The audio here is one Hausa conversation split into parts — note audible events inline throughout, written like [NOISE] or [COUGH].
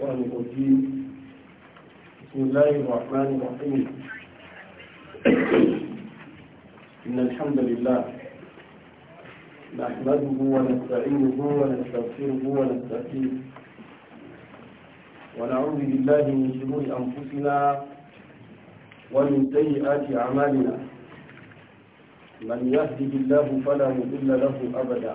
الشيطان الرجيم بسم الله الرحمن الرحيم [CLEARS THROAT] إن الحمد لله نحمده ونستعينه ونستغفره ونستهديه ونعوذ بالله من شرور أنفسنا ومن سيئات أعمالنا من يهده الله فلا مضل له أبدا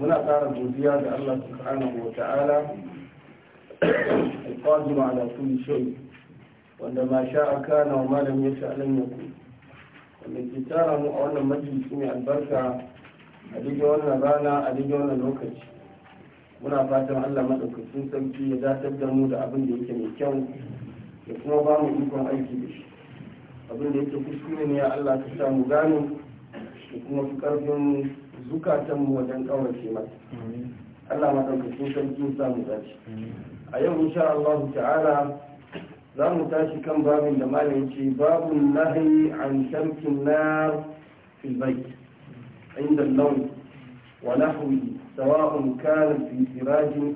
muna ƙara godiya ga Allah subhanahu wa ta'ala alqadir ala kulli shay wanda ma sha'a kana wa ma ya yasha lam yakun wanda ke tara mu a wannan majalisi mai albarka a daidai wannan rana a daidai wannan lokaci muna fatan Allah madaukakin sarki ya datar da mu da abin da yake mai kyau da kuma ba mu ikon aiki da shi abin da yake kuskure ne ya Allah ka sa mu gane da kuma fi karfin mu wajen kaurace mata Allah madaukakin sarki za mu tashi a yau insha Allah ta'ala za mu tashi kan babin da malam ce babu nahi an shamkin na fil inda lawn wa nahwi sawa'un kana fi sirajin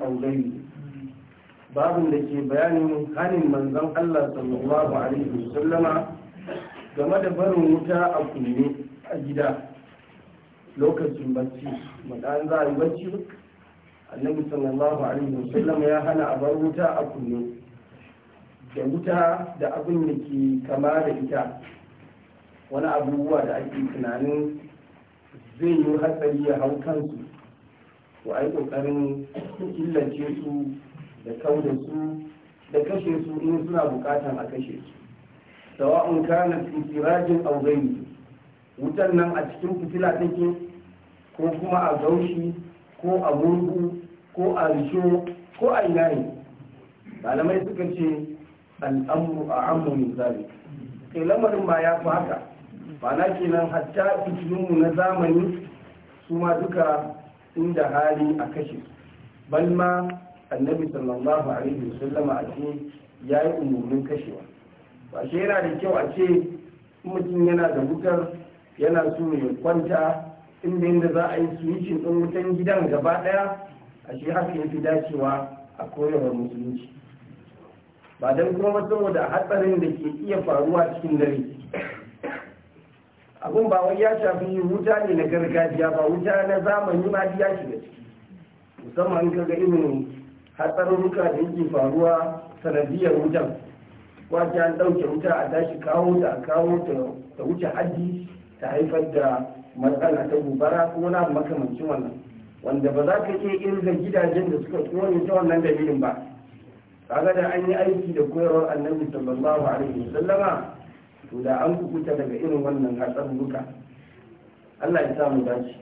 babin da ke bayanin hanin manzon Allah sallallahu alaihi wasallama game da barin wuta a kunne a gida lokacin bacci matsayin za a yi bacci annabi sallallahu alaihi wasallam ya hana a bar wuta a kunne da wuta da abin da ke kama da ita wani abubuwa da ake tunanin zai yi hatsari ya hau kansu a yi kokarin killace su da da su da kashe su in suna bukatan a kashe su sawa'un kana fi sirajin wutan nan a cikin fitila take ko kuma a gaushi ko a gurgu ko a risho ko a yanayi malamai suka ce al'amuru a amuru zari sai lamarin ba ya fi haka mana kenan hatta mu na zamani su ma duka inda hali a kashe balma annabi sallallahu alaihi wasallama a ce ya yi umarnin kashewa ba shi yana da kyau a ce mutum yana da wutar yana so ya kwanta inda yadda za a yi switching ɗin wutan gidan gaba ɗaya a shi haka ya fi dacewa a koyarwar musulunci ba don kuma saboda hatsarin da ke iya faruwa cikin dare abun ba wai ya shafi wuta ne na gargajiya ba wuta na zamani ma ya shiga ciki musamman kaga irin hatsarurruka da yake faruwa sanadiyar wutan kwace ɗauke wuta a tashi kawo ta a kawo ta wuce hajji ta haifar da matsala ta gubara ko na makamancin wannan wanda ba za ka iya irin gidajen da suka kone ta wannan dalilin ba kaga da an yi aiki da koyarwar annabi sallallahu alaihi wasallama to da an kukuta daga irin wannan hatsar duka Allah ya samu dace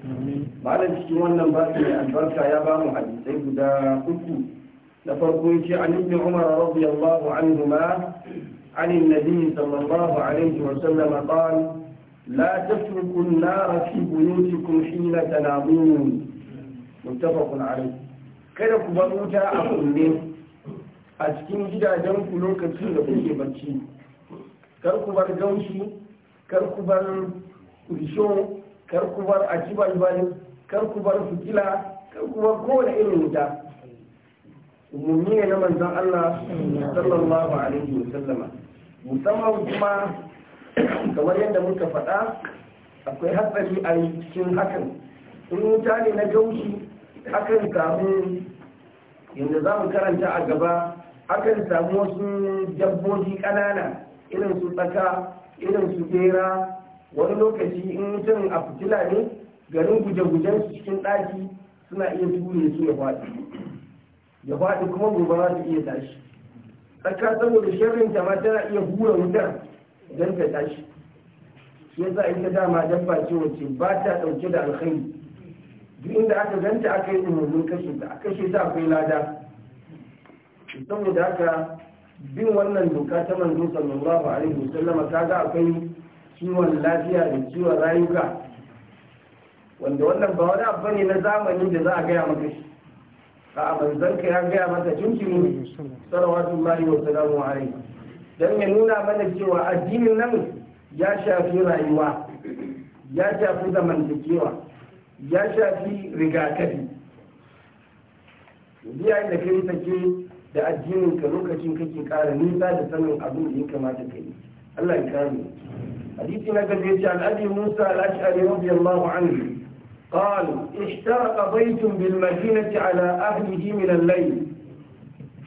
malam cikin wannan ba su mai albarka ya ba mu hadisai guda uku na farko ce an ibn umar radiyallahu anhuma عن النبي صلى sallallahu alaihi wasallama قال لا تتركوا النار في بيوتكم حين تنامون متفق عليه kada ku bar wuta a kunne a cikin gidajen ku lokacin da kuke barci kar ku bar gaushi kar ku bar risho kar ku bar ajibalbal kar ku bar fitila kar ku bar kowane irin wuta umumi ne na manzon Allah sallallahu alaihi wa sallama musamman kuma kamar yadda muka faɗa akwai hatsari a cikin hakan in wuta ne na gaushi akan samu yadda za mu karanta a gaba akan samu wasu dabbobi ƙanana irin su tsaka irin su bera wani lokaci in mutum a fitila ne garin guje-gujen su cikin ɗaki suna iya ture su ya faɗi ya faɗi kuma gobe za su iya tashi tsaka saboda shirin ta tana iya hura wutar don ta tashi shi yasa ita dama dabba ce wacce ba ta ɗauke da alkhairi duk inda aka ganta aka yi umarnin kashe ta a kashe ta akwai lada saboda haka bin wannan doka ta manzo sallallahu alaihi wasallam ga akwai ciwon lafiya da ciwon rayuka wanda wannan ba wani abu ne na zamani da za a gaya maka shi a manzon zanka ya gaya maka tunkiri sallallahu alaihi wasallam alaihi don ya nuna mana cewa addinin nan ya shafi rayuwa ya shafi zamantakewa ya shafi rigakafi biya da kai sake da addinin ka lokacin kake kara nisa da sanin abin da ya kamata ka yi Allah ya kare hadisi na gaje ce an abi Musa al-Ash'ari radiyallahu anhu قال اشترق بيت بالمدينة على أهله من الليل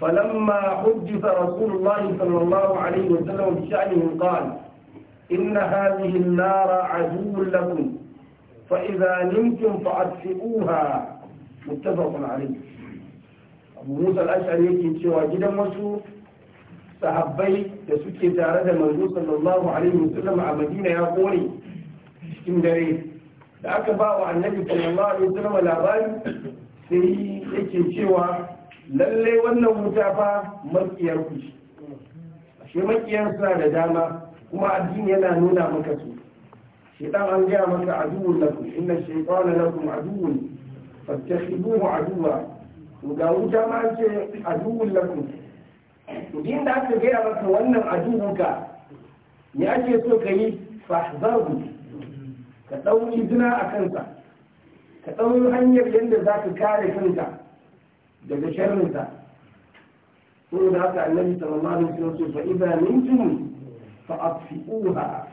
فلما حجف رسول الله صلى الله عليه وسلم بشأنه قال إن هذه النار عدو لكم فإذا نمتم فأدفئوها متفق عليه أبو موسى الأشعري يكي انتوا جدا مسوء صحبي يسكي تارة مجلوس صلى الله عليه وسلم على مدينة يا قولي اشتم دريد لأكباو عن النبي صلى الله عليه وسلم لا بل سيكي انتوا lalle wannan wuta fa makiyar ku shi shi makiyar suna da dama kuma addini yana nuna maka su shi dan an gaya maka aduwwun lakum inna shaytana lakum aduwwun fattakhibuhu aduwwa to ga wuta ma an ce aduwwun lakum to din da aka gaya maka wannan ka me ake so ka yi fahzaru ka ɗau izina a kansa ka ɗau hanyar yadda za ka kare kanka daga sharrinta ko da haka annabi sallallahu alaihi wasallam fa idza minkum fa atfi'uha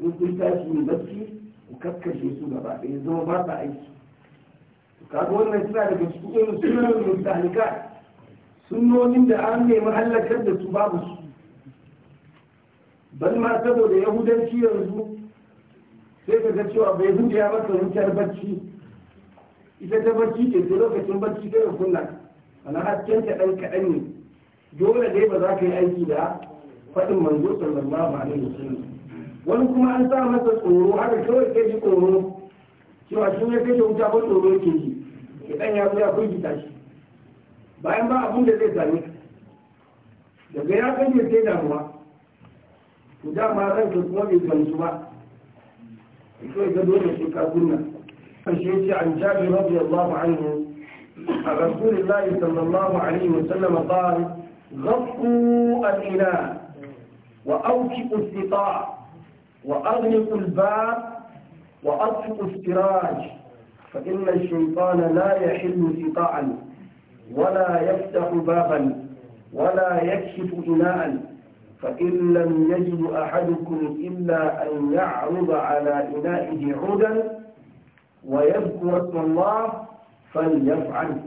in kun tashi yin bacci ku kakkashe su gaba ɗaya zama ba ta aiki kaga wannan suna daga cikin sunan mutalika sunnonin da an nemi halakar da su babu su ban ma saboda yahudanci yanzu sai ka ga cewa bai hudu ya maka wutar bacci ita ta bacci ke sai lokacin bacci ta kunna ana hasken ka dan kaɗan ne dole dai ba za ka yi aiki da faɗin manzo sallallahu alaihi wasallam wani kuma an sa masa tsoro haka kawai kai ji tsoro cewa shi ya kashe wuta ba tsoro yake ji ya ɗan ya zo ya firgita shi bayan ba abun da zai same daga ya kashe sai damuwa to dama ranka kuma bai gamsu ba kawai ga dole sai ka kunna kan shi ce an jabi Allahu anhu عن رسول الله صلى الله عليه وسلم قال غطوا الإناء وأوكئوا السقاء وأغلقوا الباب وأطفئوا السراج فإن الشيطان لا يحل سقاء ولا يفتح بابا ولا يكشف إناء فإن لم يجد أحدكم إلا أن يعرض على إنائه عودا ويذكر اسم الله فليفعل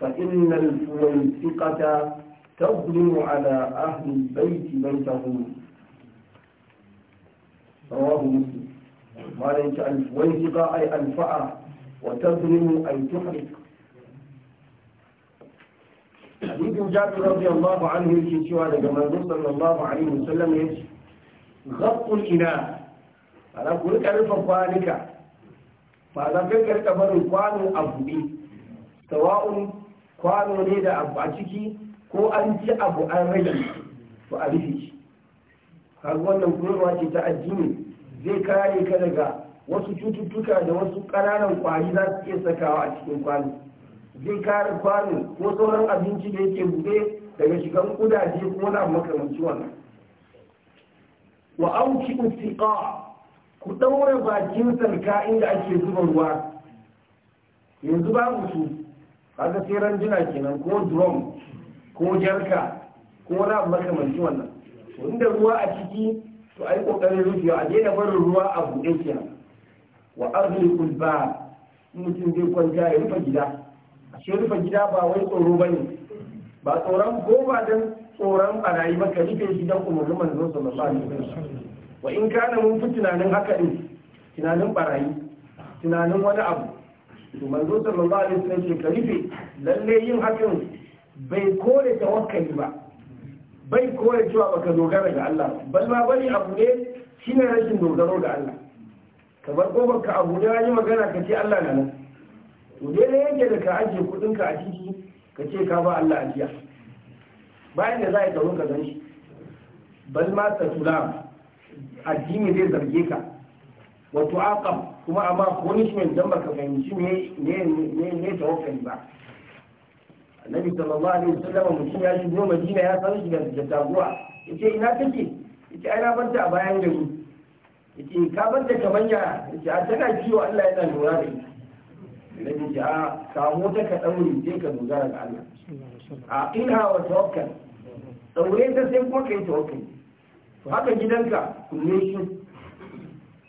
فإن الفويسقة تظلم على أهل البيت بيتهم رواه مسلم مالك الفويسقة أي أنفع وتظلم أي تحرق حديث جابر رضي الله عنه يجي سوى لجمال صلى الله عليه وسلم يجي غط الإناء أنا أقول لك ألف فالك فأنا فكرت بر القرآن أبوي sawa'un kwano ne da abu a ciki ko an ci abu an rage to a rufe shi har wannan koyarwa ce ta addini zai kare ka daga wasu cututtuka da wasu ƙananan kwari za su iya sakawa a cikin kwano zai kare kwano ko sauran abinci da yake buɗe daga shigan kudaje ko na makamanci wannan wa auki utiqa ku ɗaure bakin sarka inda ake zuba ruwa yanzu babu su kaga sai ranjuna kenan ko drum ko jarka ko wani abu makamanci wannan inda ruwa a ciki to a yi ƙoƙarin rufewa a daina barin ruwa a buɗe kenan wa arzikul ba mutum zai kwanta ya rufe gida a ce rufe gida ba wai tsoro ba ne ba tsoron ko ba don tsoron barayi ba ka rufe shi don umarni manzo sallallahu alaihi wasallam wa in kana mun fi tunanin haka din tunanin barayi tunanin wani abu to manzo sallallahu alaihi wasallam ke karife lalle yin hakan bai kore tawakkali ba bai kore cewa baka dogara ga Allah bal ma bari abu ne shine rashin dogaro ga Allah kamar ko baka abu da yayi magana ka ce Allah na nan to dai ne yake da ka ajiye kudin ka a ciki ka ce ka ba Allah ajiya bayan da za ka zo ka gan bal ma tulam addini zai zarge ka wato tu'aqab kuma amma punishment dan baka fahimci me ne ne ta tawakkali ba annabi sallallahu alaihi wasallam mutum ya shigo madina ya san shi da taguwa yace ina kake yace ai na banta a bayan gari yace ka banta kamar ya yace a tana ciwo Allah yana lura da ita annabi ya a kamo ta ka daure sai ka dogara ga Allah a ina wa tawakkal daure ta sai ko kai tawakkali to haka gidanka kulle shi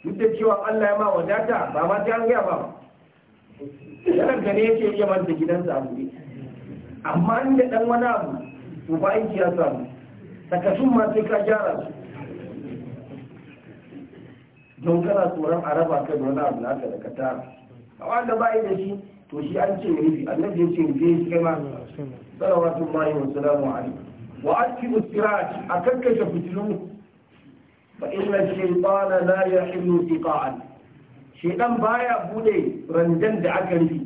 duk da cewa Allah ya ma wadata ba ma ta an gaya ba yanar gane yake iya manta gidansa a buɗe amma inda ɗan wani abu to ba aiki ya samu sakasun ma sai ka gyara su don kana tsoron a raba kai da wani abu na da ka tara a wanda ba da shi to shi an ce rufi annabi ya ce rufe shi kai ma salawatu ma yi wa salamu alaikum wa aski usiraj a kakkashe fitilu Fa'iza shan kwana na biya shirin kifan. baya bude randan da aka rufe,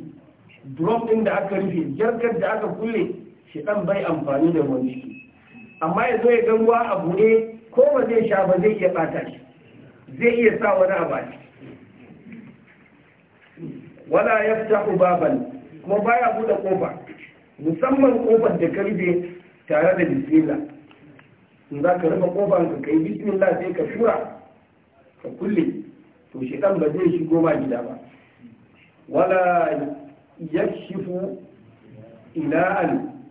durof ɗin da aka rufe, jarkar da aka kulle shi bai amfani da ruwan jiki. Amma yanzu ya ganyawar a buɗe, ko ba zai sha ba zai iya ɓata shi, zai iya sa wani abada. Wala yafta ubabanni. Kuma baya bude ƙofa. Musamman ƙofar da karfe tare da dutsen in za ka rufe kofar ka kai bismillah sai ka shura ka kulle to dan ba zai shigo ba gida ba wala yakshifu ila an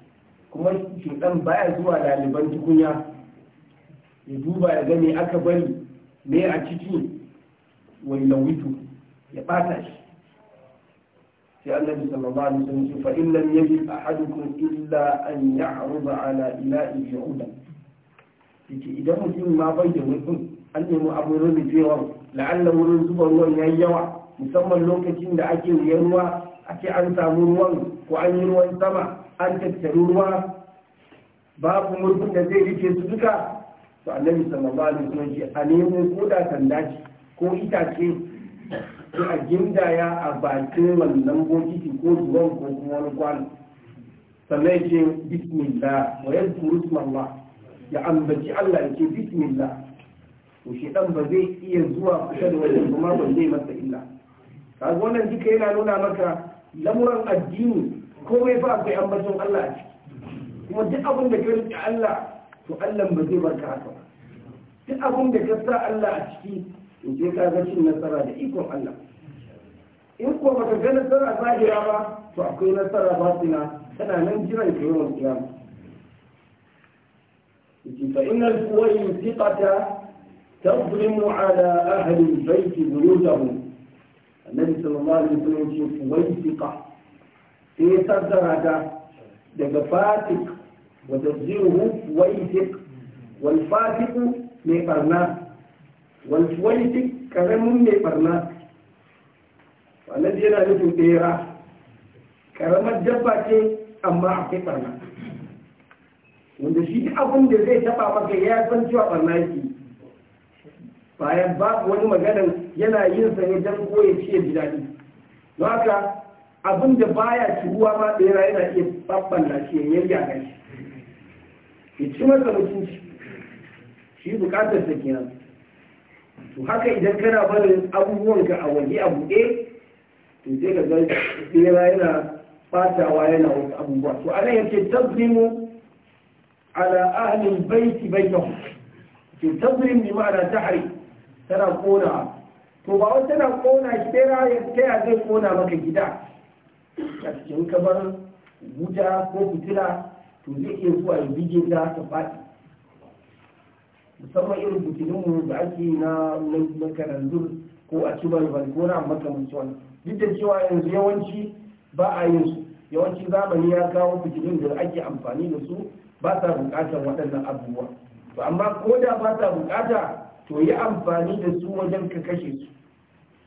kuma shi shedan baya zuwa daliban tukunya ya duba ya ga aka bari me a ciki wani lawitu ya bata shi sai annabi sallallahu alaihi wasallam fa in lam yajid ahadukum illa an ya'rud ala ila'i yahudan yake idan mutum ma bai da mutum an nemi abin rubutsewa la'alla wurin zuba ruwan ya yi yawa musamman lokacin da ake wuyan ruwa ake an samu ruwan ko an yi ruwan sama an tattaru ruwa babu murfin da zai rike su duka to annabi sallallahu alaihi wasallam ce a nemo ko da sanda ce ko itace ko a gindaya a bakin wannan bokiti ko ruwan ko kuma wani kwano sannan ya ce bismillah wa yadda rusman ya ambaci Allah ya ce bismillah to Dan ba zai iya zuwa kusa da wajen kuma ban zai masa illa kaga wannan duka yana nuna maka lamuran addini komai fa akwai ambacin Allah a ciki kuma duk abin da ka riƙe Allah to Allah ba zai barka haka ba duk abin da ka sa Allah a ciki to sai ka ga cin nasara da ikon Allah in ko baka ga nasara zahira ba to akwai nasara batina tana nan jiran ka yawan kiyama فإن الفويزقة تظلم على أهل البيت بيوتهم النبي صلى الله عليه وسلم يقول فويزقة تيسر درجة دقفاتك وتظهره فويزق والفاتق ميبرنا والفويزق كرم ميبرنا فالذي ينالك تيرا كرم الجبكة أما أعطي wanda shi abin da zai taba maka ya san cewa barna yake bayan babu wani maganan yana yin sa ne dan ko ya ce ji daɗi don haka abin da baya ciruwa ma da yana iya babban shi ya yayyaga shi ya ci masa mutunci shi bukatar sa kenan to haka idan kana barin abubuwanka a waje a buɗe to sai ka ga ɗaya yana fatawa yana wasu abubuwa to anan yake tazlimu ala ahlil baiti bainahum ke tazrim bi ma'ana tahri tana kona to ba wata tana kona shi dai raya ta ya zai kona maka gida a cikin kamar wuta ko fitila to zai iya zuwa ya bige ta ta faɗi musamman irin fitilinmu da ake na makaranzur ko a kibar ko na makamancin wani duk da cewa yanzu yawanci ba a yin su yawanci zamani ya kawo fitilin da ake amfani da su ba sa bukatar waɗannan abubuwa to amma ko da ba sa bukata to yi amfani da su wajen ka kashe su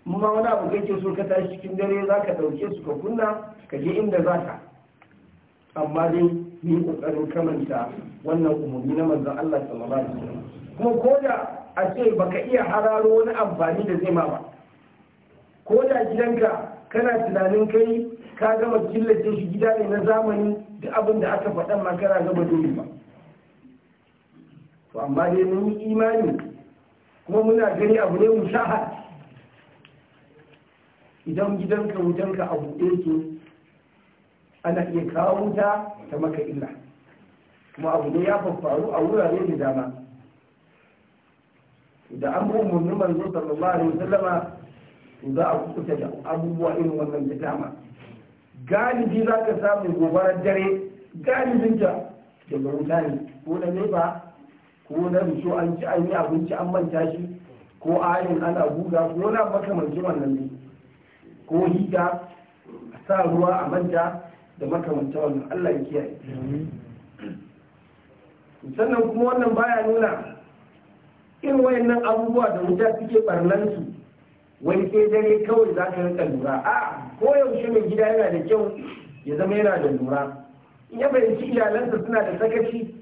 ma wani abu kake so ka tashi cikin dare za ka ɗauke su ka kunna ka je inda za ka amma dai ni ƙoƙarin kamanta wannan umarni na manzon Allah sallallahu alaihi wasallam kuma ko da a ce baka iya hararo wani amfani da zai ma ba ko da gidanka kana tunanin kai ka gama killace shi gida ne na zamani da abin da aka faɗa ma kana gama dole ba to amma dai mun yi imani kuma muna gani abu ne musaha idan gidanka wutanka a buɗe ke ana iya kawo wuta ta maka illa kuma abu ne ya faru a wurare da dama da an bu umarni manzo sallallahu alaihi wasallama za a kukuta da abubuwa irin wannan da dama galibi za ka samu gobarar dare galibin ta da wuta ne ko na nefa ko na rusho an ci an yi abinci an manta shi ko ayin ana guga ko na makamancin wannan ne ko hita a sa ruwa a manta da makamancin wannan allah ya kiyaye sannan kuma wannan baya nuna irin wayannan abubuwa da wuta suke barnansu wani sai dare kawai za ka rika lura a ko yaushe mai gida yana da kyau ya zama yana da lura in ya fahimci iyalansa suna da sakaci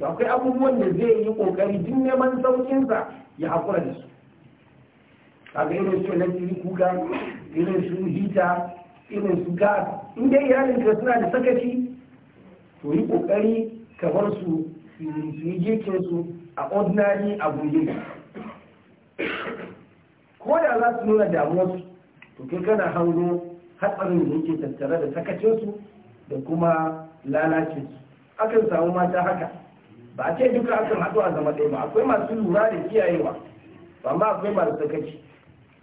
akwai abubuwan da zai yi kokari duk neman saukinsa ya haƙura da su kaga irin su tiri kuka irin su hita irin su gas in dai iyalinka suna da sakaci to yi kokari ka bar su su yi gekin su a ordinary abu ko da za su nuna damuwarsu to kai kana hango hatsarin da yake tattare da sakacinsu da kuma lalacinsu akan samu mata haka ba a ce duka akan haɗu a zama ɗaya ba akwai masu lura da kiyayewa ba ma akwai masu sakaci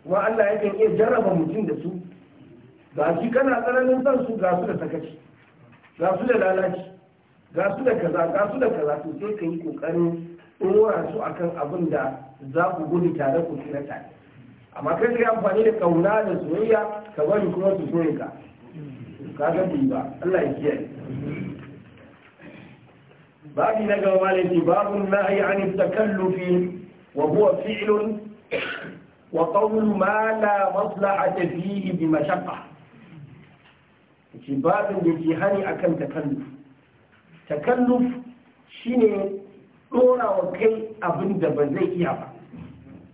kuma Allah yakan iya jarraba mutum da su ga shi kana tsananin son su ga su da sakaci ga su da lalaci ga su da kaza ga su da kaza to sai ka yi kokarin ɗora su akan abin da za ku gudu tare ku tsira tare amma kai kai amfani da kauna da soyayya ka bari kuma su soye ka ka ga bi ba Allah ya kiyaye babi na gaba malaki babun nahi an takallufi wa huwa fi'lun wa qawlu ma la maslahata fihi bi mashaqqa ki babin da ke hani akan takalluf takalluf shine dora wa kai abin da ba zai iya ba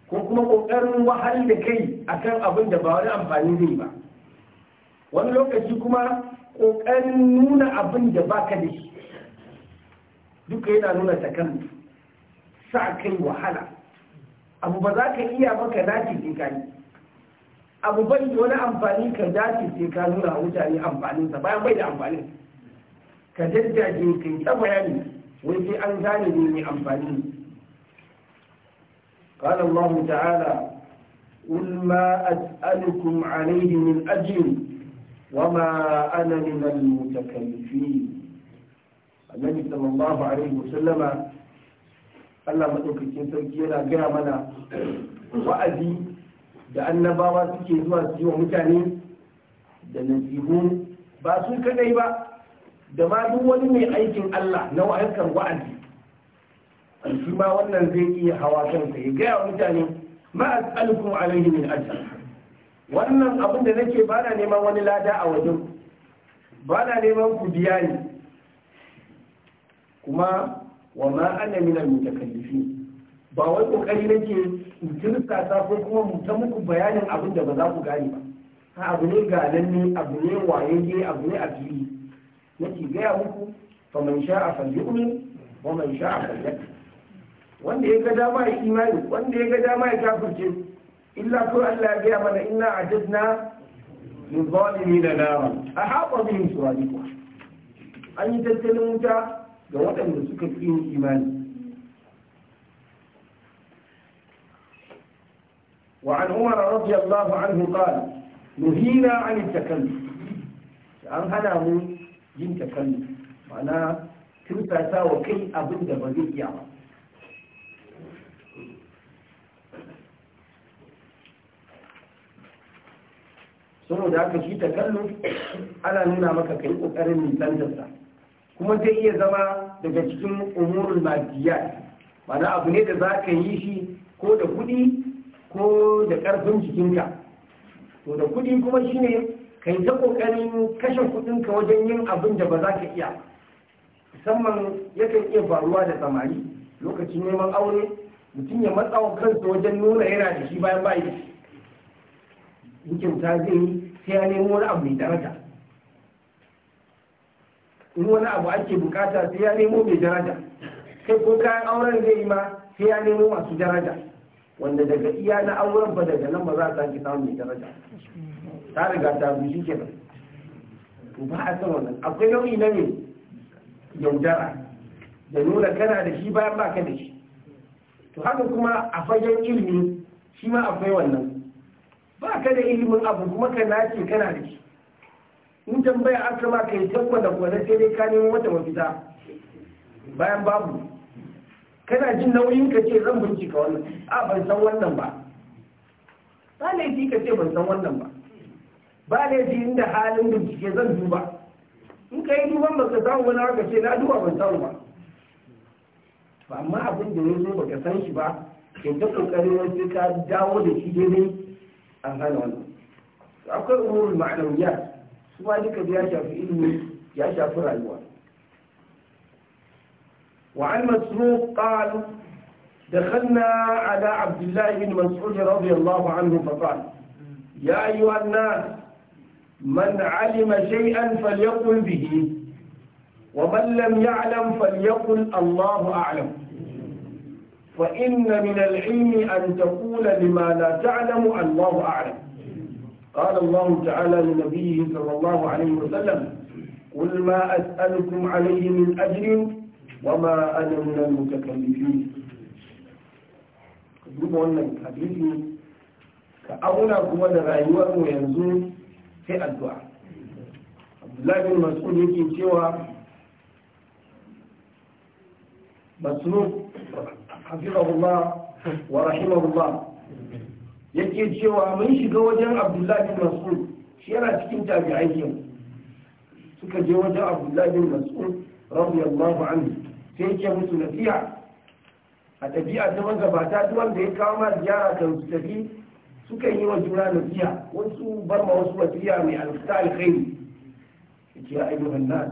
ko kuma ƙoƙarin wahal da kai a kan abin da ba wani amfani zai ba wani lokaci kuma ƙoƙarin nuna abin da ba ka da shi duka yana nuna kan sa kai wahala abu ba za ka iya maka dace sai ka yi abu bai da wani amfani ka dace sai ka nuna mutane amfaninsa bayan bai da amfanin ka jajjaje kai ta bayani wai sai an gane ne mai amfani قال الله تعالى قل ما أسألكم عليه من أجر وما أنا من المتكلفين النبي صلى الله عليه وسلم Allah maɗaukakin sarki yana gaya mana wa'azi da annabawa suke zuwa su yi wa mutane da nasihu ba su kadai ba da ma wani mai aikin Allah na wa'akan wa'azi shi ba wannan zai iya hawa kansa ya gaya mutane ma as'alukum alaihi min ajr wannan abin da nake ba na neman wani lada a wajen ba na neman ku biya ni kuma wa ma ana min al ba wai kokari nake in turka ta ko kuma mu ta muku bayanin abin da ba za ku gane ba ha abu ne ga nan ne abu ne waye ne abu ne a fili nake gaya muku fa man sha'a yu'min wa man sha'a yakfur wanda ya ga dama ya imani wanda ya ga dama ya kafirce illa ko Allah ya gaya mana inna ajadna lil zalimin nara ahata bihim suradiqha an yi tattalin wuta ga waɗanda suka fi yin imani وعن عمر رضي الله عنه قال نهينا عن التكلف an hana mu yin takallu ma'ana tursasa wa kai abinda da ba iya saboda haka shi ta kallo ana nuna maka kai kokarin nisantarsa kuma zai iya zama daga cikin umurul madiyat mana abu ne da za ka yi shi ko da kudi ko da karfin jikinka to da kudi kuma shi ne ka yi ta kokarin kashe kudinka wajen yin abin da ba za ka iya musamman yakan iya faruwa da samari lokacin neman aure mutum ya matsa wa kansa wajen nuna yana da shi bayan bayan shi kyauta zai yi sai ya nemo wani abu mai daraja in wani abu ake bukata sai ya nemo mai daraja sai ko kayan auren zai yi ma sai ya nemo masu daraja wanda daga iya na auren ba daga nan ba za ta sake samun mai daraja ta riga ta bushi kenan to ba a san wannan akwai nau'i na ne yaudara da nuna kana da shi bayan baka da shi to haka kuma a fagen ilimi shi ma akwai wannan ba ka da ilimin abu kuma ka nace kana da shi in tambaya kama ka yi tabba da kwanar sai dai ka nemo mafita bayan babu kana jin nauyin ka ce zan bincika wannan a ban san wannan ba ba laifi ka ce ban san wannan ba ba laifi inda halin bincike zan duba in ka yi duban ba ka samu wani haka ce na duba ban samu ba Ba amma abin da ya zo ka san shi ba ke ta kokarin wasu ka dawo da shi daidai أهل hana أقول أمور المعنويات سواء su بياشا في إلمي shafi في ya وعن مسروق قال دخلنا على عبد الله بن مسعود رضي الله عنه فقال يا أيها الناس من علم شيئا فليقل به ومن لم يعلم فليقل الله أعلم فإن من العلم أن تقول لما لا تعلم الله أعلم قال الله تعالى لنبيه صلى الله عليه وسلم قل ما أسألكم عليه من أجر وما أنا من المتكلفين duba wannan hadisi ka auna kuma da rayuwar mu yanzu sai addu'a abdullahi bin mas'ud yake cewa hafizahullah wa rahimahullah yake cewa mun shiga wajen abdullahi bin mas'ud shi yana cikin tabi'ai yau suka je wajen abdullahi bin mas'ud radiyallahu anhu sai yake musu nasiha a tafiya ta magabata duk wanda ya kawo ma ziyara kan su tafi suka yi wa juna nasiha wasu bar ma wasu wasiya mai alfita alkhairi yake ya ayyuhan nas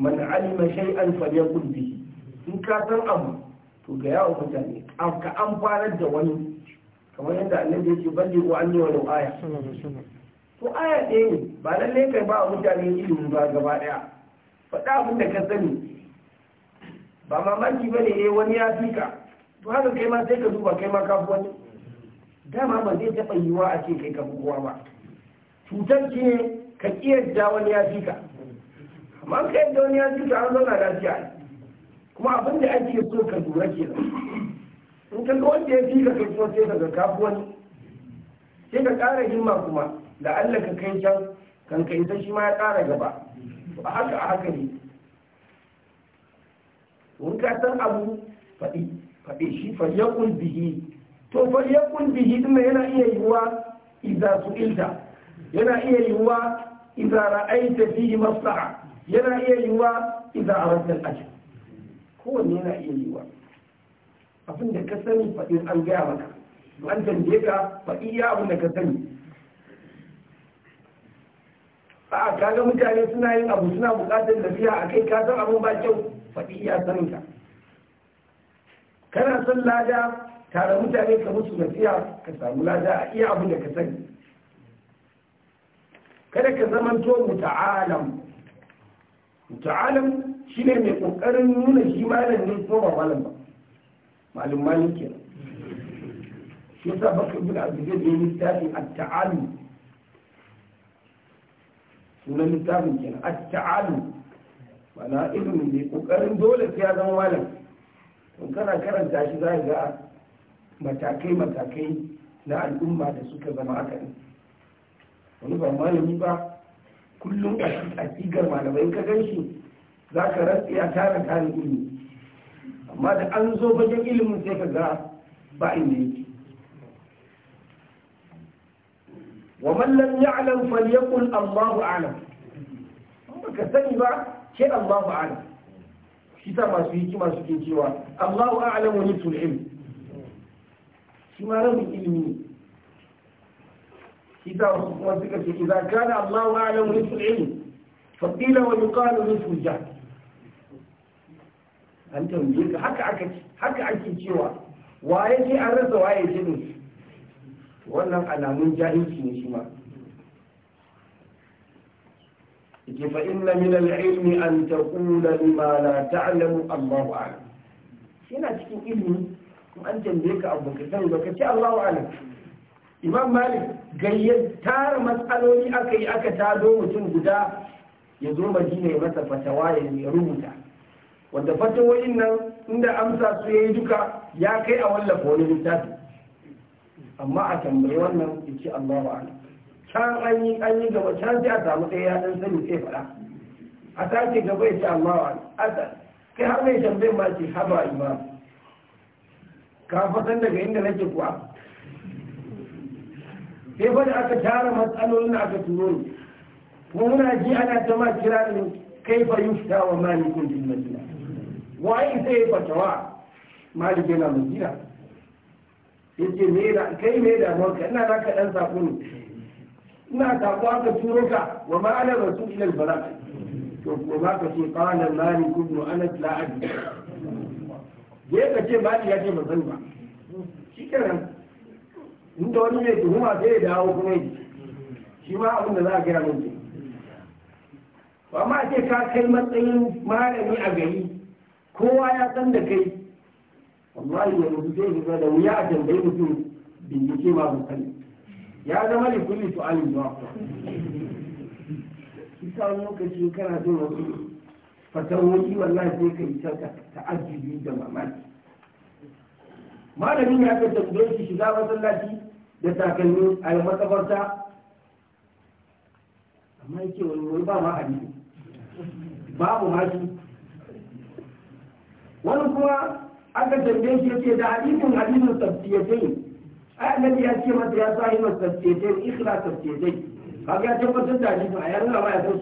man alima shay'an falyakul bihi in ka san abu to ga yawa mutane ka amfanar da wani kamar yadda annabi yake balli ko an yi wani aya to aya ɗaya ne ba lalle kai ba mutane ilimi ba gaba ɗaya faɗa abin da ka sani ba mamaki ba ne eh wani ya fi ka to haka kai ma sai ka duba kai ma ka fi wani dama ba zai taɓa yiwa a ce kai ka fi kowa ba cutar ce ka ƙiyar da wani ya fi ka amma kai da wani ya fi ka an zauna lafiya kuma abin da ake so ka lura ke in ka ga wanda ya fi ka kai kuma sai ka ga kafu sai ka ƙara himma kuma da Allah ka kai can kan ita shi ma ya ƙara gaba a haka a haka ne in ka san abu faɗi faɗi shi falyakul bihi to falyakul bihi ina yana iya yiwuwa idza su'ilta yana iya yiwuwa idza ra'aita fihi maslaha yana iya yiwuwa idza aradta al-ajr kowanne yana iya yiwa abin da ka sani faɗin an gaya maka to an tambaye ka faɗi ya abin da ka sani a kaga mutane suna yin abu suna buƙatar lafiya a kai ka san abin ba kyau faɗi ya sani ka kana son lada tare mutane ka musu biya ka samu lada a iya abin da ka sani kada ka zamanto muta'alam muta'alam shi ne mai kokarin nuna shi malam ne ko ba malam ba malum malin ke shi sa baka bin abu da yi littafin a taalu sunan littafin na at-ta'alu na ilimin mai kokarin dole sai ya zama malam in kana karanta shi za ga matakai matakai na al'umma da suka zama aka ne wani ba malami ba kullum a sigar malamai ka gan shi za ka a tara kayan ilimi amma da an zo bakin ilimin sai ka ga ba inda yake wa mallan ya'lam falyakul Allahu a'lam ka sani ba ce Allahu a'lam shi ta masu masu kin cewa Allahu a'lam wani nisul shi ma rabin ilimi ne shi ta wasu kuma suka ce idan kana Allahu a'lam wani nisul ilm fa qila wa yuqalu nisul an tambaye ka haka ake cewa waye sai an rasa waye ce ne wannan alamun jahilci ne shi ma yake fa inna min al-ilmi an taqula lima la ta'lamu Allahu a'lam yana cikin ilimi kuma an tambaye ka abu ka sani ba ka ce Allahu a'lam Imam Malik gayyar tara matsaloli aka yi aka tado mutum guda ya zo Madina ya masa fatawa ya rubuta wanda fatawoyin nan inda amsa su yayi duka ya kai a wallafa wani littafi amma a tambayi wannan ya ce Allah wa can an yi an yi gaba can sai a samu sai ya dan sani sai faɗa a sake gaba ya ce Allah wa ala kai har mai tambayi ma ce haba imam ka fasan daga inda nake kuwa sai fa da aka tara matsalolin aka turo ni kuma muna ji ana ta ma kira ne kai fa yufta wa malikun fil waye zai fatawa malik yana madina yace me da kai me da ka ina za ka dan sako ne ina sako aka turo ka wa ma ana rasul ila al-bara to ko za ka ce qala malik ibn anas la adri je ka ce malik ya ce ba sani ba shikenan inda wani mai tuhuma sai ya dawo kuma yi shi ma abin da za a gaya mun ce ba ma ce ka kai matsayin malami a gari kowa ya san da kai wallahi ya rubu zai ga da wuya a tambayi mutum bincike ma ba sani ya zama ne kulli su'alin zuwa shi sa lokaci kana jin wasu fatawoyi wallahi sai kai ta ta'ajjubi da mamaki malamin ya ka tambaye shi shiga masallaci da takalmi a yi makabarta amma yake wani wani ba ma hadisi babu ma wani kuma aka tambaye shi yace da hadisin hadisin tafsiyatai ai annabi ya ce masa ya sahi masa tafsiyatai ikhlas tafsiyatai kaga ya tabbatar da hadisin a yarin ba ya san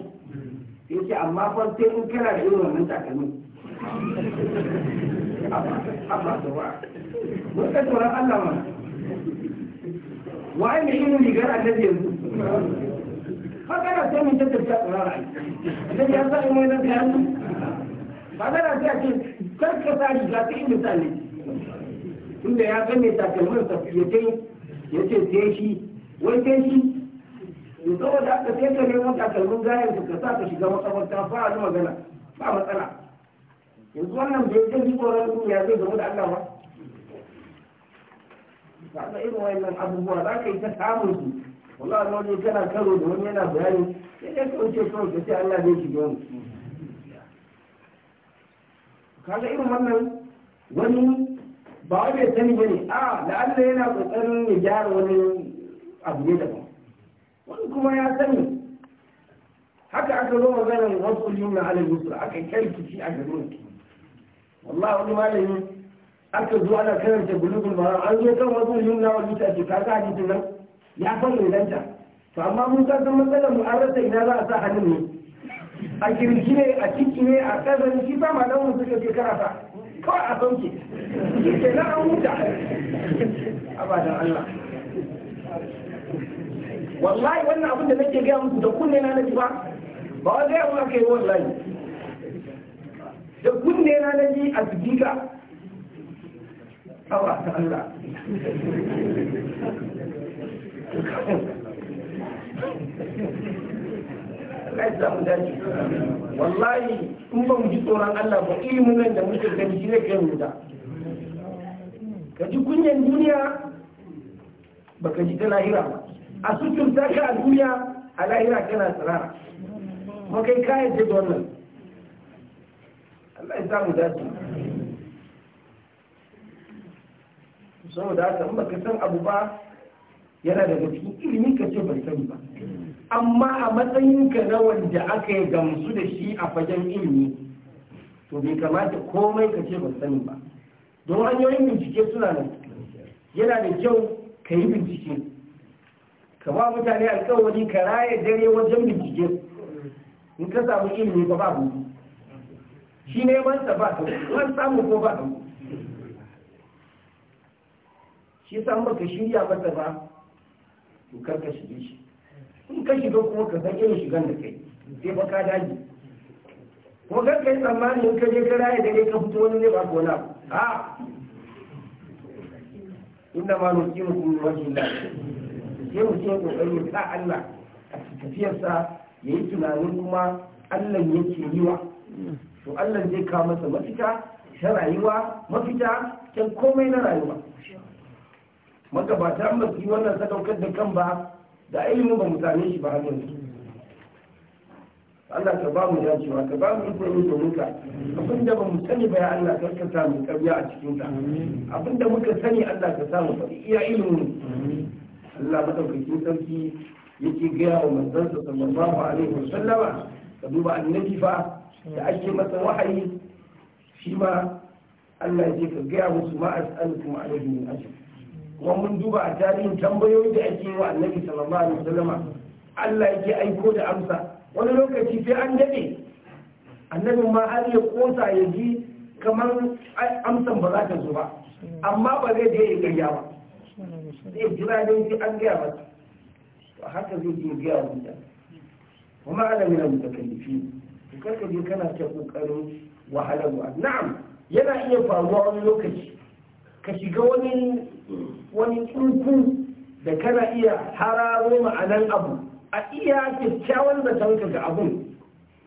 su yace amma fa sai in kana da irin wannan takalmin amma da wa mun ka tsoron Allah ma wa ai mai irin rigar annabi yanzu kaga da sai mun tattace tsoron ra'ayi annabi ya sahi mai nan kayan kaga da sai a ce kar ka sa shi za ta ya gane takalmin sa ya ce ya ce sai shi wai sai shi saboda haka sai ka nemo takalmin ka shiga ba a ba matsala yanzu wannan ya zai da Allah ba kaga irin wayannan abubuwa za ka yi ta samun yana kaga irin wannan wani ba wai bai sani bane a la'alla yana kokarin ya gyara wani abu ne daban wani kuma ya sani haka aka zo maganar wasu yunna ala a aka kai kici a garin ki wallahi wani malami aka zo ana karanta bulugul maram an zo kan wasu yunna wa yusra ce kaga hadisin nan ya fara inganta to amma mun san matsalar mu an rasa ina za a sa hannun ne a kirki ne a ciki ne a ƙasar shi ba malamin suka je karata kawai a sauke shi ke na an huta abadan Allah wallahi wannan abin da nake gaya muku da kunne na naji ba ba wa gaya mu aka yi wallahi da kunne na naji a zubika abadan Allah Thank you. Allah ya samu dace wallahi in ba mu ji tsoron Allah ba ilimin nan da muke gani shi zai kai da ka ji kunyan duniya ba ka ji ta lahira ba a suturta ka a duniya a lahira kana tsirara kai kayan ta da wannan Allah ya samu dace saboda haka in baka san abu ba yana daga cikin ilimi ka ce bai sani ba amma a matsayin ka na wanda aka yi gamsu da shi a fagen ilimi to bai kamata komai ka ce bai sani ba don hanyoyin bincike suna nan yana da kyau ka yi bincike ka ba mutane alkawari ka raya dare wajen bincike in ka samu ilimi ba ba shi ne mansa ba ta wani samu ko ba ta shi san baka shirya masa ba to kar ka shige shi in ka shiga kuma ka san irin shigan da kai sai fa ka dage ko kar ka yi tsammani in ka je ka raye kai ka fito wani zai ba ko na a inda ma nuki kuma wajen da ke mu ce kokari sa Allah a tafiyarsa ya yi tunanin kuma Allah yake yi wa to Allah zai kawo masa mafita ta rayuwa mafita can komai na rayuwa ba ta basu yi wannan sadaukar da kan ba da ilimin ba mu shi ba har yanzu Allah ka ba mu dacewa ka ba mu yi yin dominka abin da ba mu sani ba ya Allah ka ka samu karya a cikin ta abin da muka sani Allah ka samu faɗi iya ilimin Allah madaukakin sarki yake gaya wa manzansa sallallahu alaihi wa sallama ka duba annabi fa da ake masa wahayi shi ma Allah ya ce ka gaya musu ma as'alukum alaihi wa ajr kuma mun duba a tarihin tambayoyi da ake yi wa annabi sallallahu alaihi wasallam Allah yake aiko da amsa wani lokaci sai an dade annabi ma har ya kosa ya ji kamar amsan ba za ta zo ba amma ba zai da ya gayya ba sai jira dai sai an gaya ba to haka zai je gaya wa mutane kuma ana mina mutakallifi to karka je kana ta kokarin wahalarwa na'am yana iya faruwa wani lokaci ka shiga wani wani tsuku da kana iya hararo ma'anar abu a iya kyakkyawan zaton ga abun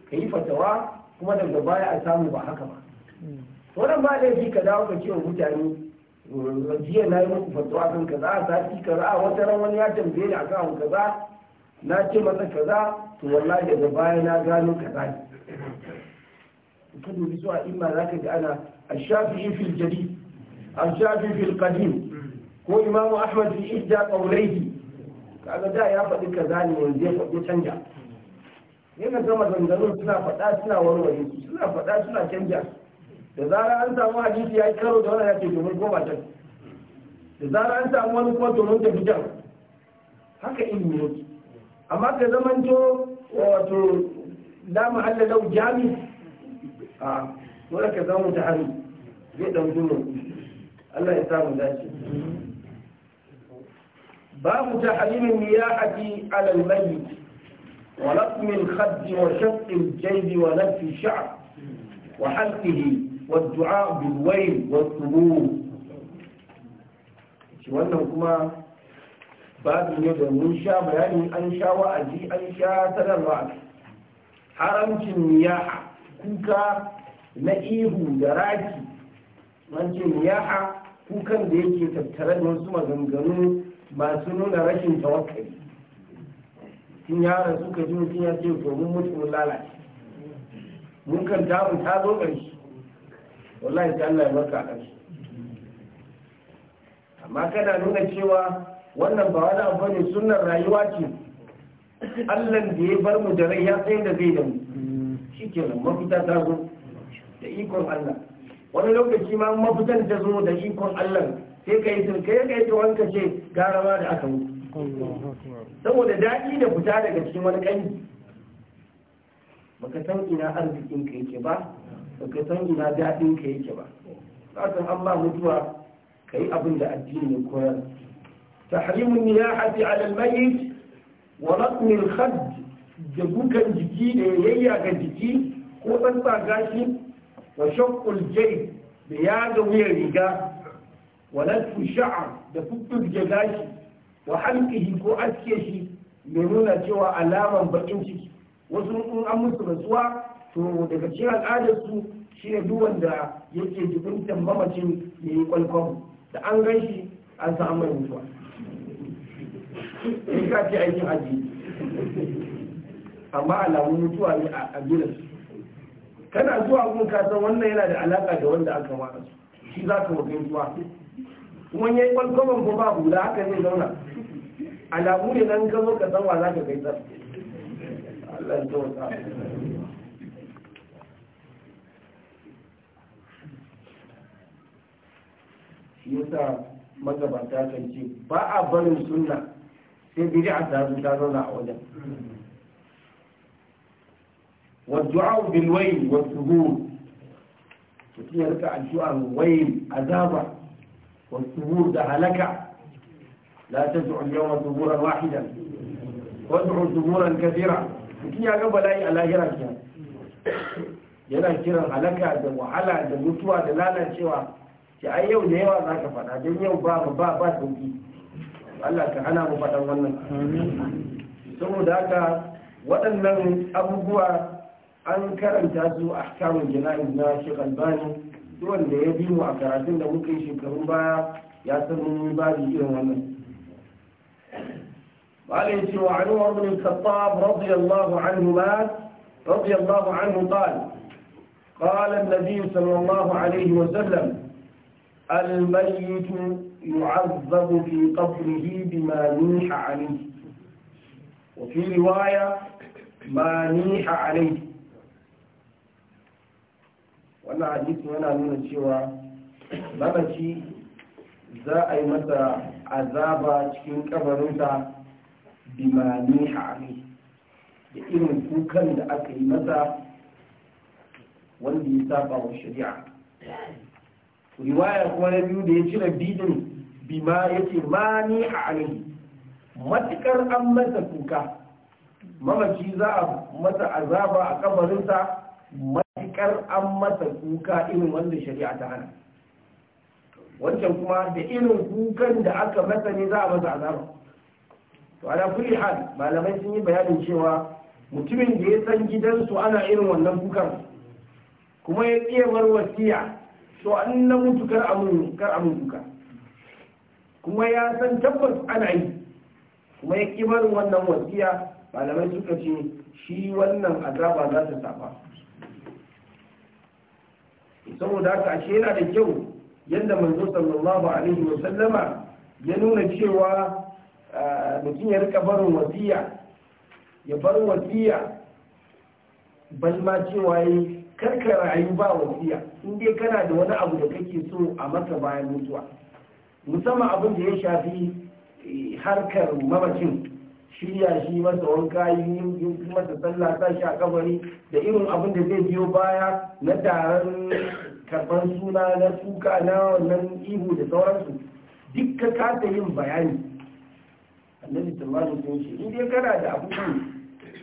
ka yi fatawa kuma daga baya a samu ba haka ba wannan ba laifi ka dawo ka ce wa mutane jiya na yi muku fatawa kan kaza a sati kaza a wata ran wani ya tambaye ni akan abu kaza na ce masa kaza to wallahi daga baya na gano kaza ne ka dubi zuwa imma za ka ji ana ashafi fil jadid ashafi fil qadim ko imamu ahmad fi ijja qawlaihi kaga da ya faɗi kaza ne yanzu ya faɗi canja yana gama zanganun suna faɗa suna warware su suna faɗa suna canja da zara an samu hadisi ya yi karo da wannan ya ce domin goma can da zara an samu wani kuma domin tafi can haka ilimi yake amma ka to wato la mahalla lau jami a dole ka zama mutahari zai ɗan dole Allah ya samu dace باب تحريم النياحة على الميت ولطم الخد وشق الجيد ونتف الشعر وحلقه والدعاء بالويل والقبور wannan kuma babu ne domin sha bayani an sha wa'azi an sha sanarwa haramcin niyaha kuka na ihu da raki wancin niyaha kukan da yake tattare da wasu maganganu masu nuna rashin tawakkali sun yaran suka ji mutum ya ce to mun mutu mun lalace mun kan mu ta zo ƙarshe wallahi ta Allah ya maka ƙarshe amma kana nuna cewa wannan ba wani abu ne sunnar rayuwa ce Allah da ya bar mu da rai ya tsaye da zai da mu shi ke nan mafita ta zo da ikon Allah wani lokaci ma mafitan ta zo da ikon Allah sai ka yi kai tuwon wanka ce garawa da aka mutu saboda daɗi da fita daga cikin wani ƙanyi baka san ina arzikin ka yake ba baka san ina daɗin ka yake ba kasan an ba mutuwa ka yi abin da addini ya koyar tahrimun ya ala almayyit wa ratm alkhad da bukan jiki da yayya ga jiki ko tsantsa gashi wa shaqqul jay da yaga wuyan riga ونتف sha'ar da ya gashi wa ko aske shi mai nuna cewa alaman bakin ciki wasu in an musu rasuwa to daga cikin al'adarsu shi ne duk wanda yake jibintan mamacin ya yi kwalkwam da an gan shi an samu mai mutuwa in ka ce aikin haji amma alamun mutuwa ne a gidansu kana zuwa gun ka san wannan yana da alaka da wanda aka watsa su shi za ka mutuwa kuma yi kwalkwaban ko ba hula haka zai zauna A labu ne nan ka ka san za ka kai tsar Allah ya shi yasa magabata kan ce ba a barin suna, sai biri a zo ta zauna a wajen والدعاء بالويل والثبور mutum ya rika addu'ar wayin azaba والثبور ده هلكة لا تدعو اليوم ثبورا واحدا وادعو ثبورا كثيرا mutum ya ga bala'i a lahirar kiran yana kiran halaka da wahala da mutuwa da lalacewa ce ai yau da yawa za ka faɗa don yau ba ba ba sauki Allah ka hana mu faɗan wannan saboda haka waɗannan abubuwa an karanta su a kamun jana'iz na duk da ya biyu a karatun da muka yi shekaru baya ya san mun yi babu irin wannan قال وعن عمر بن الخطاب رضي الله مات رضي الله عنه قال قال النبي صلى الله عليه وسلم الميت يعذب في قبره بما نيح عليه وفي رواية ما نيح عليه wannan hadisi yana nuna cewa mamaci za a yi masa azaba cikin kabarinsa bimani ha'ami da irin kukan da aka yi masa wanda ya saba wa shari'a riwaya kuma na biyu da ya cire bidin bima ya ce mani ha'ami matukar an masa kuka mamaci za a masa azaba a kabarinsa Kar an masa kuka irin wanda shari'a ta hana wancan kuma da irin kukan da aka masa ne za a masa azaba to ana kulli hal malamai sun yi bayanin cewa mutumin da ya san gidansu ana irin wannan kukan kuma ya tsewar wasiya to an na mutu kar amin kuka kuma ya san tabbas ana yi kuma ya ƙi wannan wasiya malamai suka ce shi wannan azaba za ta saboda haka ashe yana da kyau yadda manzo sallallahu alaihi wa sallama ya nuna cewa mutum ya rika barin wasiya ya bar wasiya bal ma cewa yi karka rayu ba wasiya in dai kana da wani abu da kake so a masa bayan mutuwa musamman abin da ya shafi eh, harkar mamacin shirya shi masa wanka yi masa sallah ta shi a kabari da irin abin da zai biyo baya na taron karban suna na suka na wannan ihu da sauransu duk ka kasa yin bayani annabi sallallahu alaihi shi in dai kana da abubuwan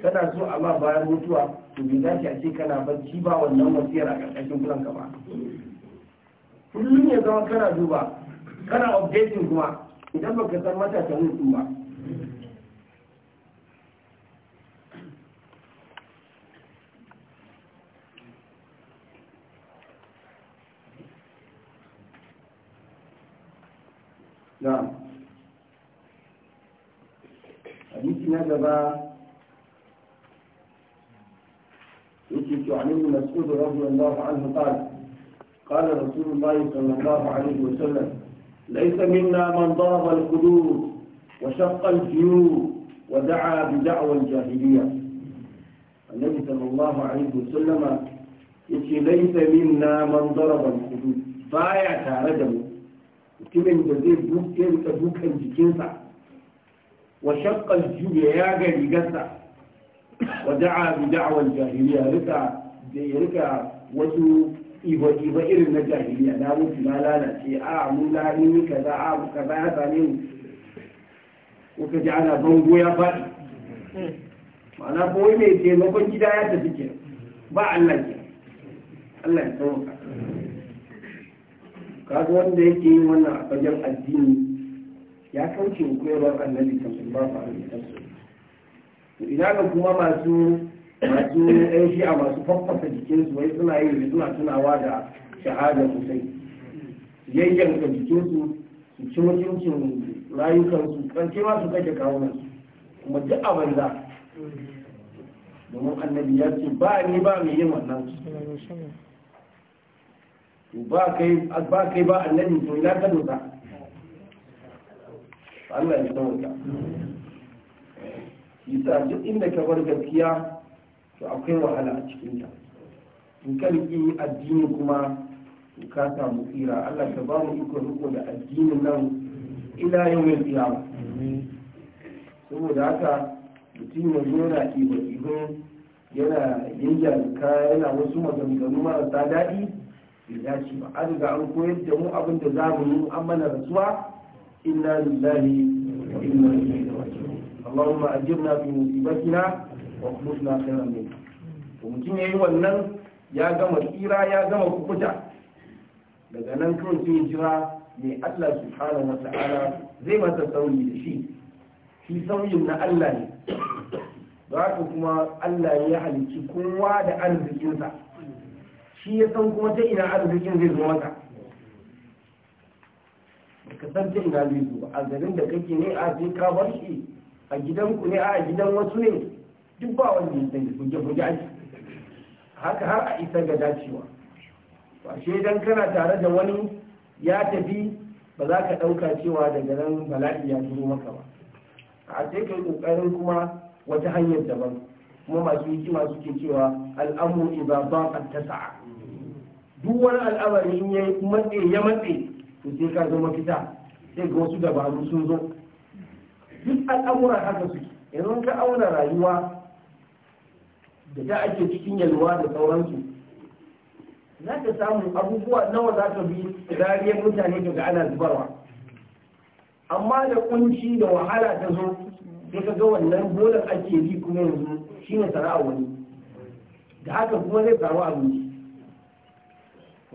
kana so ma bayan mutuwa to bai dace a ce kana bacci ba wannan wasiyar a karkashin ka ba kullum ya zama kana duba kana updating kuma idan baka san ta mutum ba نعم حديث ما جاء يجي عن ابن مسعود رضي الله عنه قال قال رسول الله صلى الله عليه وسلم ليس منا من ضرب الخدود وشق الجيوب ودعا بدعوى الجاهلية النبي صلى الله عليه وسلم يجي ليس منا من ضرب الخدود بايع تاردم kiran da zai buke rika dukan jikinsa wa shaqqal juya ya ga rigarsa wa da'a bi da'wal jahiliya rika da ya rika wasu iba iba irin na jahiliya na mutu na lalace a mun ni kaza a kaza ya same mu ko ka ji ana bango ya faɗi ma'ana ko wai mai taimakon gida ya tafi ke ba Allah ke Allah ya tsawaka kaga wanda yake yin wannan a fagen addini ya kauce koyarwar annabi sallallahu alaihi wasallam to ina ga kuma masu masu ɗan a masu faffasa jikinsu wai suna yi suna tunawa da shahada sosai yayyanka jikinsu su ci mutuncin rayukansu ƙarshe ma su kashe kawunansu kuma duk a banza domin annabi ya ce ba ni ba mai yin wannan ba kai ba annabi to ina ka dosa Allah ya sauka yasa duk inda ka bar gaskiya to akwai wahala a ta. in ka riƙi addini kuma to ka samu tsira Allah ka ba mu iko riko da addinin nan ila yau mai saboda haka mutum ya zo yana ibo-ibo yana yin yana wasu maganganu marasa daɗi bai dace ba an ga an koyar da mu abin da za mu yi amana rasuwa inna lillahi wa inna ilaihi raji'un Allahumma ajirna fi musibatina wa khairan min to mutum yayi wannan ya gama tsira ya gama kukuta daga nan kawai sai jira mai Allah subhanahu wa ta'ala zai masa sauyi da shi shi sauyin na Allah ne ba kuma Allah ya halicci kowa da arzikinsa shi ya san kuma ta ina arzikin zai zo maka ka san ta ina zai zo a garin da kake ne a zai ka bar shi a ku ne a gidan wasu ne duk ba wanda ya sani fuge fuge ake haka har a isa ga dacewa ba shi dan kana tare da wani ya tafi ba za ka ɗauka cewa daga nan bala'i ya turo maka ba a sai kai ƙoƙarin kuma wata hanyar daban kuma masu hikima suke cewa al'amu idza a tasa'a duk wani al'amari in ya matse ya matse to sai ka zama fita sai ga wasu dabaru sun zo duk al'amura haka su yanzu ka auna rayuwa da ta ake cikin yalwa da sauransu za ka samu abubuwa nawa za ka bi rariyar mutane daga ana zubarwa amma da kunci da wahala ta zo sai ka ga wannan bolar ake bi kuma yanzu shine sana'a wani da haka kuma zai samu abinci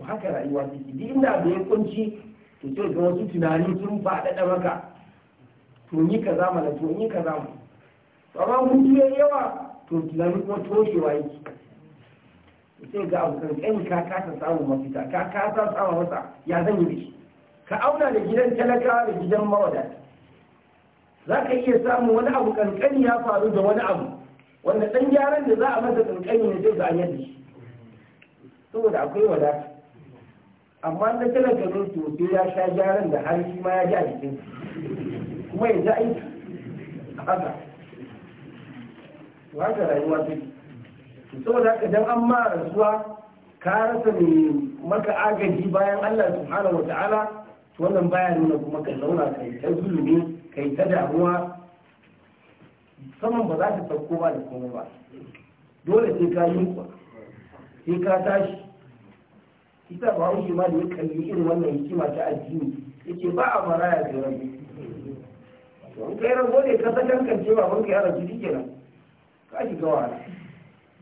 to haka rayuwa take duk inda da ya kunci to sai ga wasu tunani sun faɗaɗa maka to yi zama na to yi kaza mu amma hutu ya yawa to tunani kuma toshewa yake sai ga abu kankan ka kasa samun mafita ka kasa samun masa ya zan yi shi ka auna da gidan talakawa da gidan mawadata za ka iya samun wani abu kankani ya faru da wani abu wanda ɗan gyaran da za a masa kankani ne zai ga an yadda shi saboda akwai wadata amma na talaka ne to sai ya sha gyaran da har shi ma ya ji a jikin kuma ya ji aiki a haka to haka rayuwa take saboda haka dan an ma rasuwa ka rasa mai maka agaji bayan Allah subhanahu wa ta'ala wannan baya nuna kuma ka zauna yi ta zulumi yi ta damuwa saman ba za ta sauko ba da kuma ba dole sai ka yi sai ka tashi kitab ba wani shi ma da ya kalli irin wannan hikima ta addini yake ba a maraya da rabi don kai ran gode ka sakankance ba wanka ya dike nan ka ji gawa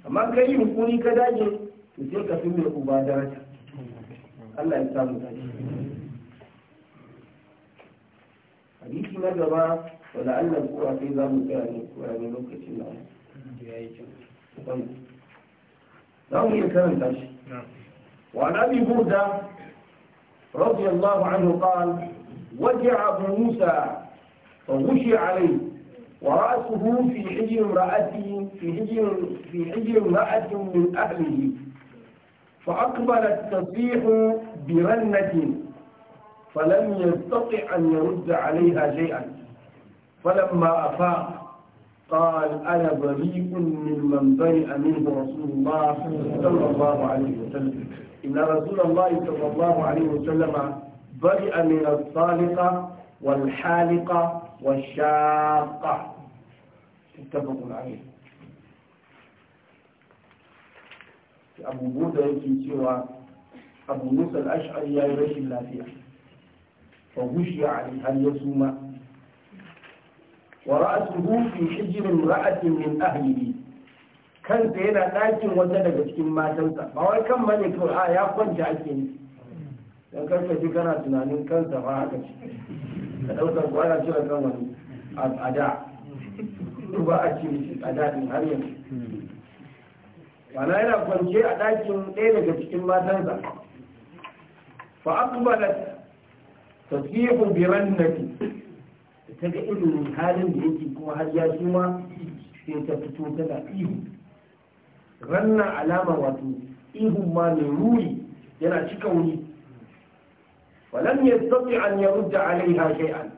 amma kai yin kuni ka dage to sai ka fi mai uba daraja Allah ya samu dace hadisi na gaba wala Allah kuwa sai za mu tsaya ne kuwa ne lokacin da ya yi kyau za mu iya karanta shi وعن أبي بردة رضي الله عنه قال وجع ابن موسى فغشي عليه ورأسه في حجر امرأته في حجر في حجر امرأة من أهله فأقبلت تصيح برنة فلم يستطع أن يرد عليها شيئا فلما أفاق قال أنا بريء من من برئ منه رسول الله صلى الله عليه وسلم إن رسول الله صلى الله عليه وسلم برئ من الصالقة والحالقة والشاقة متفق عليه أبو بودة يكي سوى أبو موسى الأشعري يا رشي الله فيها فغشي عليه أن يصوم ورأته في حجر امرأة من أهله kansa yana ɗakin wata daga cikin matansa ba wai kan bane kawai a ya kwanta ake ne don karka shi kana tunanin kansa ba haka ce ka ɗaukar kwana shi a kan wani a da ba a ce shi a daɗin har yanzu wana yana kwance a ɗakin ɗaya daga cikin matansa fa aqbalat tasihu bi rannati ta ga irin halin da yake kuma har ya shi ma sai ta fito tana ihu ranna alama wato ihun ma mai ruri yana cika wuni. walam ya an ya rudda alaiha shay'an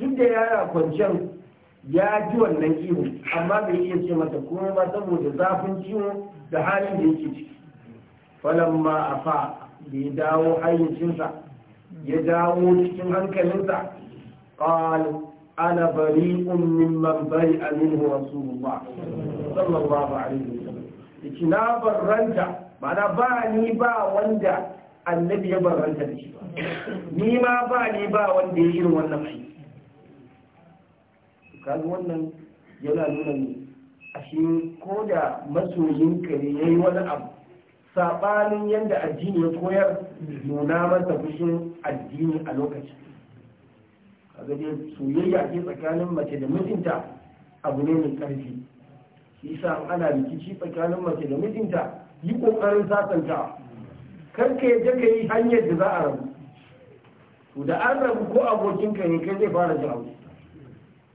inda ya yaya kwanciyar ya ji wannan ihun amma bai iya ce mata komai ba saboda zafin ciwo da halin da yake ciki falamma afa da ya dawo hayyacinsa ya dawo cikin hankalinsa ana bari بريء ممن برئ منه رسول الله صلى yace na barranta ma'ana ba ni ba wanda annabi ya barranta da shi ba ni ma ba ni ba wanda ya irin wannan aiki kaga wannan yana nuna ne a ashe ko da masoyin ka ne yi wani abu saɓanin yadda addini ya koyar nuna masa fushin addini a lokacin kaga dai soyayya ke tsakanin mace da mijinta abu ne mai karfi isa sa ana rikici tsakanin mace da mijinta yi kokarin sasanta kar ka yadda ka yi hanyar da za a rabu to da an rabu ko abokin ka ne kai zai fara jawo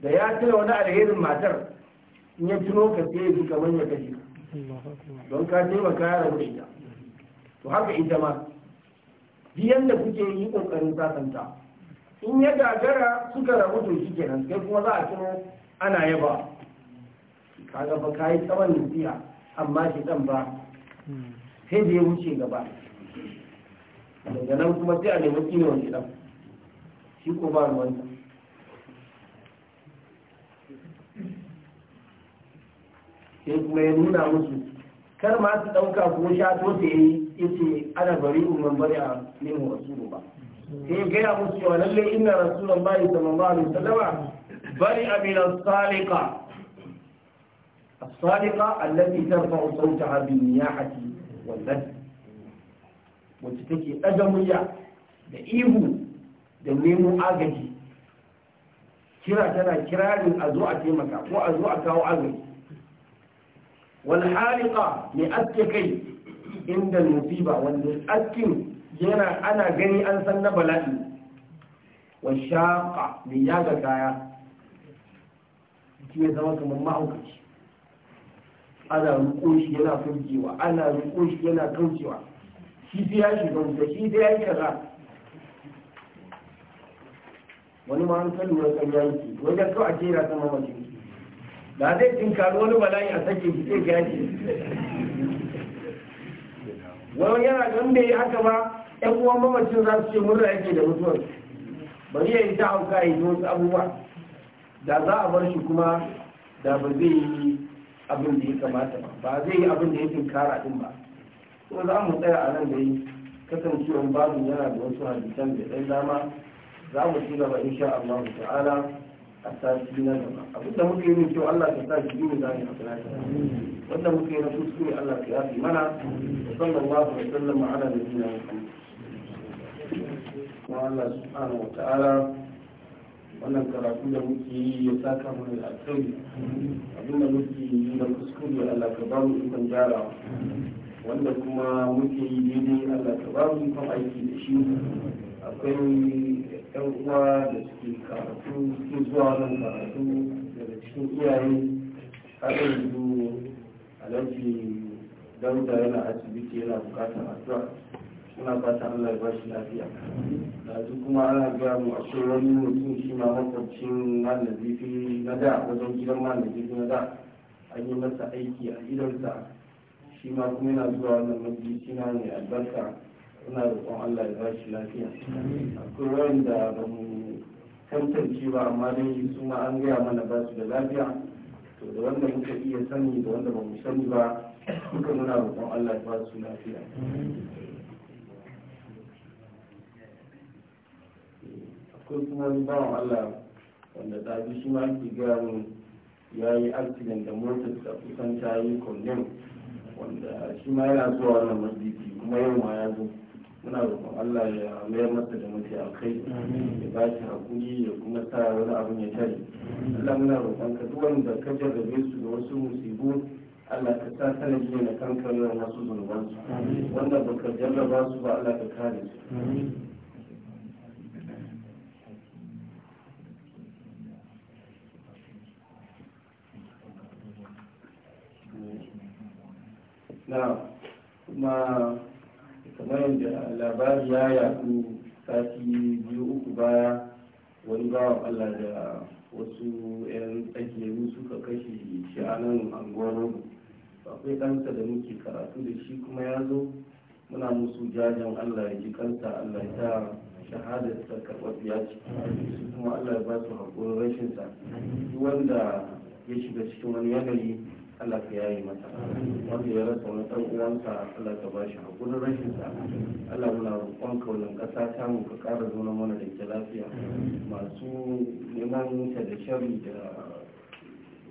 da ya tuna wani alherin matar in ya tuno ka sai ya kamar ya kashe don ka taimaka ya rabu ita to haka ita ma biyan da kuke yi kokarin sasanta in ya gagara suka rabu to shi kenan sai kuma za a tuno ana yaba kaga ba ka yi tsawon nufiya amma shi dan ba sai da ya wuce gaba daga nan kuma sai a nemi kino wani dan shi ko ba ruwanta sai kuma ya nuna musu kar ma su ɗauka ko sha to ta yi yace ana bari umman bari a nemo wasu ba sai gaya musu cewa lallai inna rasulan bari sallallahu alaihi wasallama bari amina salika الصادقة التي ترفع صوتها بالنياحة واللذ وتتكي أدمية بإيه دميم آجدي كرا كرا كرا من أزوعة مكا وأزوعة وعزوعة والحالقة لأتكي عند المصيبة والأتكي جينا أنا جني أنسن بلائي والشاقة لياجة كايا كي يزوى كمان ما أوكش ana roƙo shi yana furgewa ana roƙo shi yana kaucewa shi sai ya shiga wuta shi sai ya yi kaza wani ma an kalli wani kan yanki wajen kawai a jera sama mace da zai tinkari wani bala'i a sake shi sai ce wani yana don da ya haka ba yan uwan mamacin za su ce murna yake da mutuwar bari ya yi ta hauka ya yi wasu abubuwa da za a bar shi kuma da ba zai yi abin da ya kamata ba zai yi abin da ya tunkara din ba kuma za mu tsaya a nan da yi kasancewar babu yana da wasu hadisan da ɗan dama za mu ci gaba insha Allah ta'ala a sati na gaba abin da muke yi kyau Allah ta sa shi ne za mu yi a wanda muke yi na kuskure Allah ta yafi mana sallallahu da wa ma'ana da nabiyina yi wa Allah subhanahu wa ta'ala wannan karatu da muke yi ya saka mu da alkhairi abin da muke yi da kuskure Allah ka ba mu ikon gyara wanda kuma muke yi daidai Allah ka ba mu ikon aiki da shi akwai yan uwa da suke karatu suke zuwa nan karatu daga cikin iyaye har yanzu alhaji dauda yana asibiti yana bukatar addu'a suna fata Allah ya bashi lafiya yanzu kuma ana gaya mu a wani mutum shi ma makwabcin malazifi na da wajen gidan malazifi na da an yi masa aiki a gidansa shi ma kuma yana zuwa wannan majalisi na mai albarka ina roƙon Allah ya bashi lafiya akwai wanda ba mu tantance ba amma dai su ma an gaya mana ba su da lafiya to da wanda muka iya sani da wanda ba mu sani ba duka muna roƙon Allah ya ba su lafiya ko kuma ni bawan allah wanda ɗabi shi ma ake gaya ya yi accident da motar da kusan ta yi kornin wanda shi ma yana zuwa wannan masjidi kuma yau ma ya zo muna roƙon Allah ya mayar masa da mafi alkai ya ba shi hakuri ya kuma sa wani abun ya tare Allah muna roƙon ka duk wanda ka jarrabe su da wasu musibu Allah ka sa sanadi ne na kankan wasu zunubansu wanda baka jarraba su ba Allah ka kare su na kuma kamar yadda labari ya yaɗu sati biyu uku baya wani bawan allah da wasu 'yan tsakiyaru suka kashe shi a nan anguwar akwai ɗansa da muke karatu da shi kuma ya zo muna musu jajen allah ya ji kansa allah ya sa shahadar ta karɓar ce kuma allah ya ba su haƙurin rashinsa wanda ya shiga cikin wani yanayi Allah ka yayi masa wanda ya rasa wani ɗan uwansa Allah ka ba shi hakurin rashin sa Allah muna roƙon ka wannan ƙasa ta mu ka ƙara zuwa mana da ke lafiya masu neman ta da shari da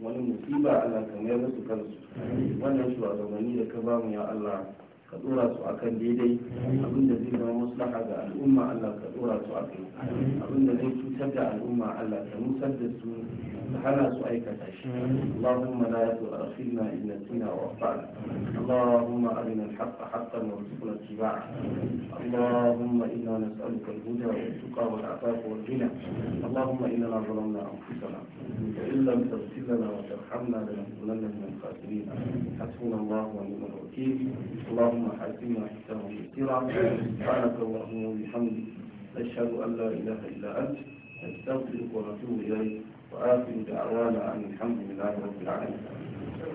wani musiba Allah ka mayar musu kansu wannan shugabanni da ka ba mu ya Allah ka dora su akan daidai abinda zai zama maslaha ga al'umma Allah ka dora su akai abinda zai cutar da al'umma Allah ka nusar da su ka hana su aikata shi Allahumma la tu'akhidna in nasina wa akhtana Allahumma arina al-haqqa haqqan warzuqna ittiba'a Allahumma inna nas'aluka al-huda wa al-tuqa wa al-'afafa wa al-ghina Allahumma inna ظلمنا أنفسنا وإن لم تغفر لنا وترحمنا لنكونن من الخاسرين حسبنا الله ونعم الوكيل اللهم اللهم حكيم حكمه يسيرا سبحانك اللهم وبحمدك اشهد أن لا إله إلا أنت استغفرك واتوب إليك وآخر دعوانا أن الحمد لله رب العالمين